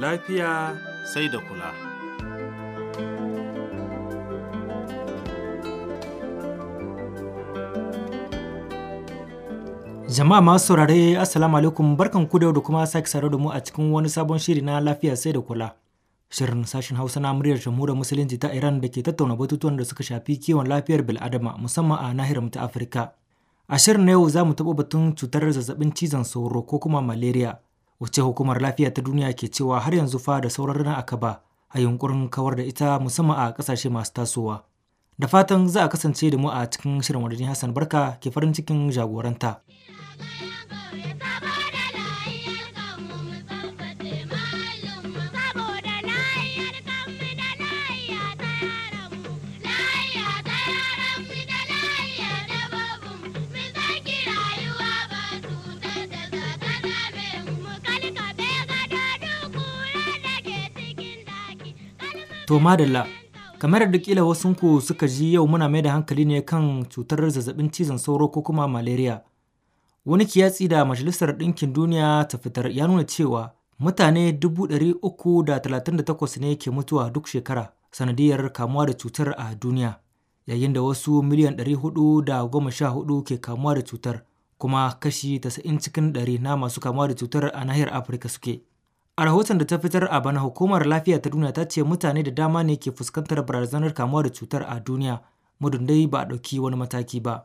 lafiya sai da kula. Jama'a masu saurare Assalamu alaikum barkan ku da da kuma sake saro da mu a cikin wani sabon shiri na lafiya sai da kula. Shirin sashen Hausa na muryar jamhuriyar Musulunci ta Iran da ke tattauna batutuwan da suka shafi kiwon lafiyar bil'adama musamman a nahiyar ta Afirka. A shirin na yau za mu taɓa batun cutar zazzabin cizon sauro ko kuma malaria wacce hukumar lafiya ta duniya ke cewa har yanzu fa da sauran rana aka ba a yunkurin kawar da ita musamman a kasashe masu tasowa da fatan za a kasance da mu a cikin shirin wadannin hassan barka ke farin cikin jagoranta. To madalla, kamar da kila wasunku suka ji yau muna mai da hankali ne kan cutar zazzabin cizon sauro ko kuma malaria. Wani kiyatsi da Majalisar Ɗinkin Duniya ta fitar ya nuna cewa mutane 338 ne ke mutuwa duk shekara sanadiyar kamuwa da cutar a duniya, yayin da wasu miliyan 414 ke kamuwa da cutar, kuma kashi 90 cikin 100 na masu kamuwa da cutar a nahiyar Afirka suke. A rahoton da ta fitar a bana hukumar lafiya ta duniya ta ce mutane da dama ne ke fuskantar barazanar kamuwa da cutar a duniya mudundai ba a ɗauki wani mataki ba.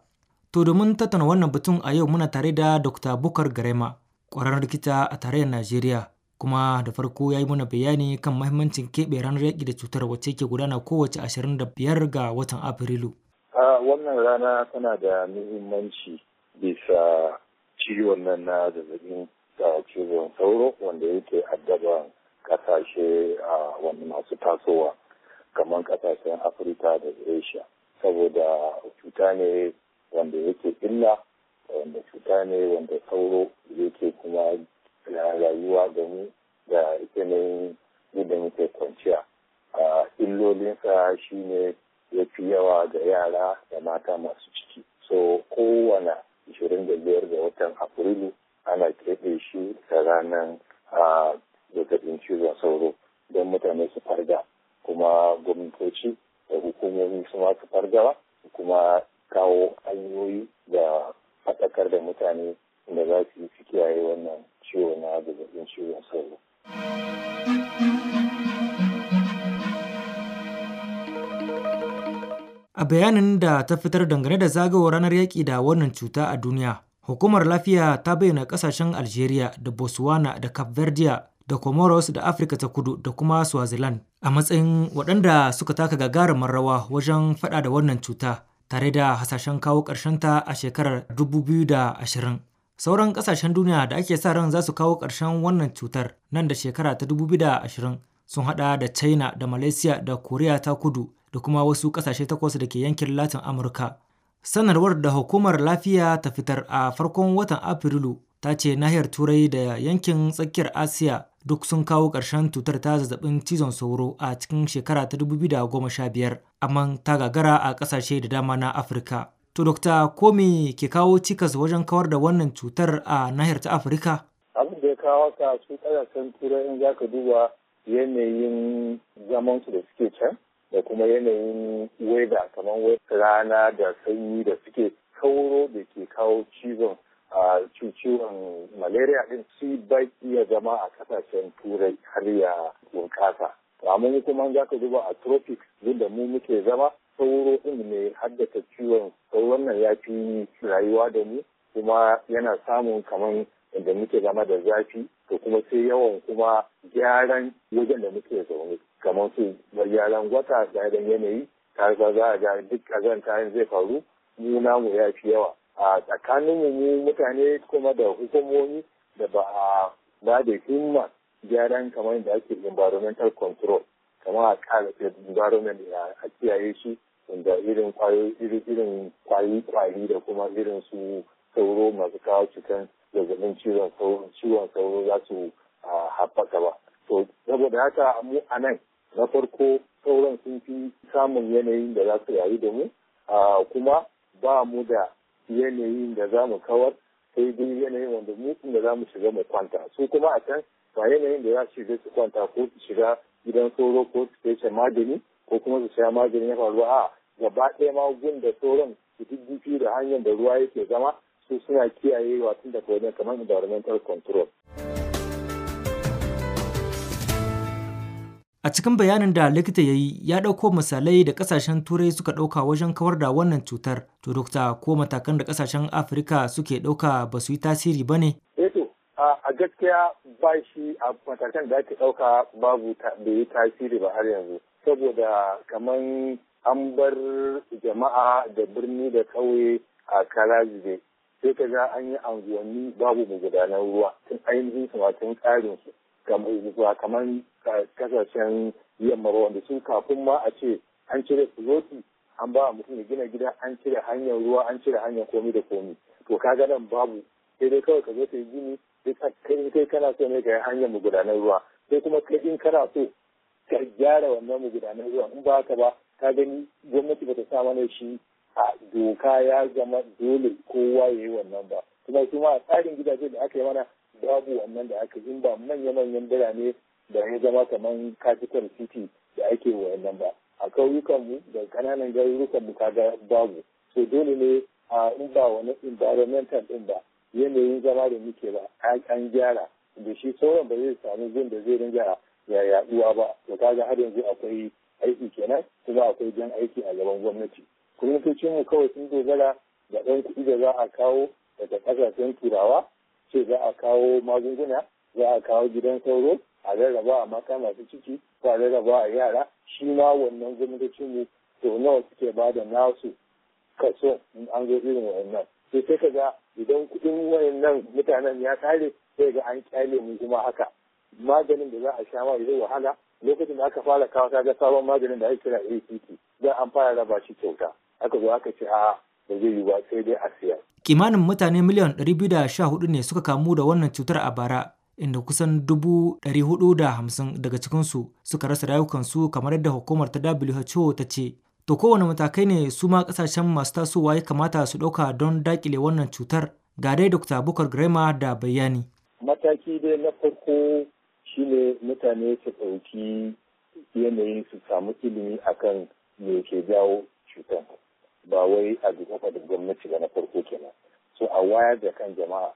To domin tattauna wannan batun a yau muna tare da Dr. Bukar Garema, ƙwararren likita a tarayyar Najeriya, kuma da farko ya yi mana bayani kan mahimmancin keɓe ranar yaƙi da cutar wacce ke gudana kowace ashirin da biyar ga watan Afrilu. A wannan rana tana da muhimmanci bisa ciwon nan na zazzabin da cizon sauro wanda yake addaban kasashe a wani masu tasowa kamar kasashen afirka da asia saboda cuta ne wanda yake illa wanda cuta ne wanda sauro yake kuma rayuwa da mu da yanayin yadda muke kwanciya illolinsa shine ya fi yawa ga yara faɗakar da mutane da za su yi kiyaye wannan ciwo na zazzabin ciwon sauro. A bayanin da ta fitar dangane da zagawar ranar yaƙi da wannan cuta a duniya, hukumar lafiya ta bayyana ƙasashen Algeria da Botswana da Cape Verde da Comoros da Afirka ta kudu da kuma Swaziland a matsayin waɗanda suka taka gagarumar rawa wajen faɗa da wannan cuta. tare da hasashen kawo ta a shekarar 2020. Sauran ƙasashen duniya da ake sa ran za su kawo ƙarshen wannan cutar nan da shekara ta 2020 sun haɗa da China da Malaysia da Koriya ta kudu da kuma wasu ƙasashe takwas da ke yankin Latin Amurka. Sanarwar da hukumar lafiya ta fitar a farkon watan Afrilu ta ce nahiyar Turai da yankin tsakiyar Asiya duk sun kawo ƙarshen cutar ta zazzabin cizon sauro a cikin shekara ta 2015 amma ta gagara a ƙasashe da dama na afirka to dokta ko me ke kawo cikas wajen kawar da wannan cutar a nahiyar ta afirka abin da ya kawo ka su ƙasashen turai in za ka duba yanayin zaman su da suke can da kuma yanayin weda kamar rana da sanyi da suke sauro da ke kawo cizon a ah, ciwon malaria din su baki ya zama a kasashen turai har ya bunƙasa amma kuma za ka duba a tropics da mu muke zama sauro din ne haddasa ciwon sauron nan ya fi rayuwa da mu kuma yana samun kamar da muke zama da zafi to kuma sai yawan kuma gyaran wajen da muke zaune kamar su gyaran gwata da yanayi ta za a ga duk kazan zai faru mu namu ya fi yawa a tsakanin mu mutane kuma da hukumomi da ba a ba da himma gyaran kamar da ake environmental control kamar a kara environment a kiyaye shi inda irin kwayoyi irin da kuma irin su sauro masu kawo cikin zazzabin ciwon sauro ciwon sauro za su haɓaka ba to saboda haka mu a nan na farko sauran sun fi samun yanayin da za su rayu da mu kuma ba mu da yanayin da za mu kawar sai dai yanayin wanda mutum da za mu shiga mu kwanta su kuma a can ba yanayin da za su shiga su kwanta ko su shiga gidan sauro ko su fece magani ko kuma su sha magani ya faruwa a gaba ɗaya ma gun da sauran su diddifi da hanyar da ruwa yake zama su suna kiyayewa tun daga wajen kamar environmental control. A cikin bayanin da likita ya yi, ya ɗauko misalai da ƙasashen Turai suka ɗauka wajen kawar da wannan cutar. To, dokta ko matakan da kasashen Afirka suke dauka ba su yi tasiri ba ne? Eto, eh a gaskiya ba shi a matakan da ake ɗauka babu bai yi tasiri ba har yanzu. Saboda kamar an bar jama'a da birni da ƙauye a karazibe. Sai ka ga an yi anguwanni babu magudanar ruwa tun ainihin su tsarin su. kamar kasashen yamma ba wanda sun kafin ma a ce an cire fuloti an ba mutum ya gina gida an cire hanyar ruwa an cire hanyar komi da komi to ka ga nan babu sai dai kawai ka zo ta yi gini sai kai kana so ne ka yi hanyar magudanar ruwa sai kuma ka in kana so ka gyara wannan magudanar ruwa in ba haka ba ka gani gwamnati bata sa mana shi a doka ya zama dole kowa ya yi wannan ba kuma kuma a tsarin gidaje da aka yi mana babu wannan da aka in ba manya-manyan birane da ya zama kamar capital city da ake wayannan ba a mu da kananan garurukanmu kaga babu so dole ne a in ba wani environmental din ba yanayin zama da muke ba an gyara da shi sauran ba zai samu gun da zai dinga ya yaduwa ba to kaga har yanzu akwai aiki kenan kuma akwai jan aiki a gaban gwamnati gwamnatocin mu kawai sun dogara da ɗan kuɗi da za a kawo daga ƙasashen turawa ce za a kawo magunguna za a kawo gidan sauro a rarraba a mata masu ciki ko a rarraba a yara shi ma wannan gwamnatin mu to nawa suke ba da nasu kaso an zo irin wannan sai sai ka ga idan kuɗin wayannan mutanen ya kare sai ga an kyale mu kuma haka maganin da za a sha ma zai wahala lokacin da aka fara kawo kaga sabon maganin da ake kira ACT za an fara raba shi kyauta aka zo aka ce a ba zai yi ba sai dai a siya. Kimanin mutane miliyan 214 ne suka kamu da wannan cutar a bara, inda kusan 450 daga cikinsu suka rasa rayukansu kamar yadda hukumar ta WHO ta ce. To kowane matakai ne su ma kasashen masu tasowa ya kamata su ɗauka don daƙile wannan cutar ga dai Dr. Bukar Grema da bayani. Mataki dai na farko shi ne mutane su ɗauki yanayin su samu ilimi akan me ke jawo cutar. ba wai a gaba da gwamnati ba na farko kenan so a wayar da kan jama'a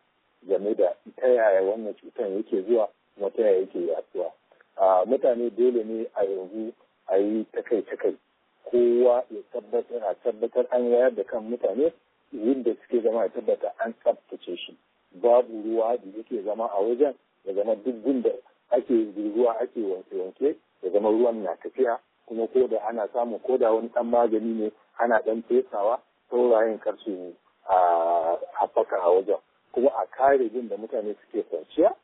game da ta yaya wannan cutar yake zuwa kuma ta yaya yake yaduwa mutane dole ne a yanzu a yi takai-takai kowa ya tabbatar a tabbatar an wayar da kan mutane yadda suke zama a tabbata an tsabtace shi babu ruwa da yake zama a wajen ya zama duk da ake ruwa ake wanke-wanke ya zama ruwan na tafiya kuma ko da ana samun ko da wani ɗan magani ne ana ɗan fesawa saurayin kar su haɓaka a wajen kuma a kare jin da mutane suke kwanciya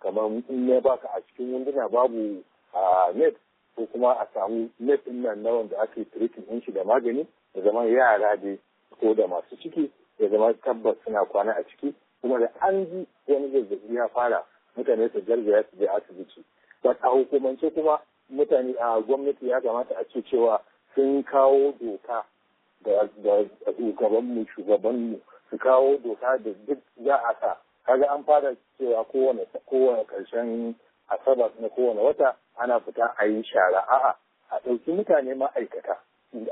kamar in ne baka a cikin wunduna babu a net ko kuma a samu net ɗin nan da wanda ake tirikin ɗin shi da magani da zama yara ne ko da masu ciki ya zama tabbas suna kwana a ciki kuma da an ji wani zazzabi ya fara mutane su gargaya su je asibiti ba a hukumance kuma mutane a gwamnati ya kamata a ce cewa sun kawo doka da shugabanmu shugabanmu su kawo doka da duk za a sa kaga an fara cewa kowane kowane karshen asabar na kowane wata ana fita a yi shara a'a a ɗauki mutane ma'aikata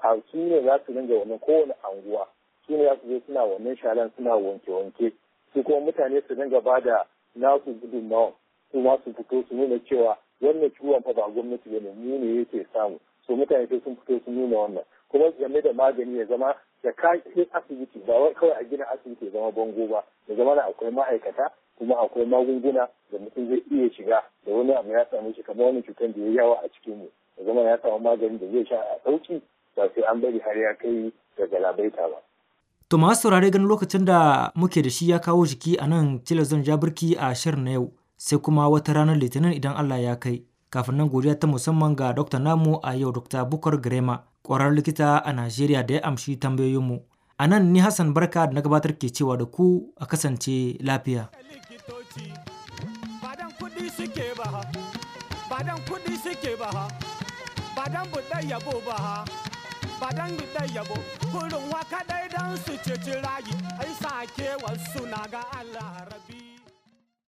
a su ne za su dinga wannan kowane anguwa su ne za su je suna wannan sharan suna wanke-wanke su kuma mutane su dinga ba da nasu gudunmawa su ma su fito su nuna cewa wannan ciwon fa ba gwamnati ba ne mu ne yake samu so mutane sai sun fito su nuna wannan kuma game da magani ya zama da kakin asibiti ba wai kawai a gina asibiti ya zama bango ba da zama na akwai ma'aikata kuma akwai magunguna da mutum zai iya shiga da wani abu ya samu shi kamar wani cutar da ya yawa a cikin mu ya zama ya samu maganin da zai sha a sauki ba sai an bari har ya kai ga galabaita ba. To ma saurare ganin lokacin da muke da shi ya kawo jiki a nan ja birki a shirin na yau sai kuma wata ranar Litinin idan Allah ya kai. Kafin nan godiya ta musamman ga Dr. Namu a yau Dr. Bukar Grema ƙwararren likita a Najeriya da ya amshi tambayoyinmu. A nan ni Hassan Barka da na gabatar ke cewa da ku a kasance lafiya. badan da yabo kurin waka dai dan su ci rayu ai sake wasu na ga Allah rabi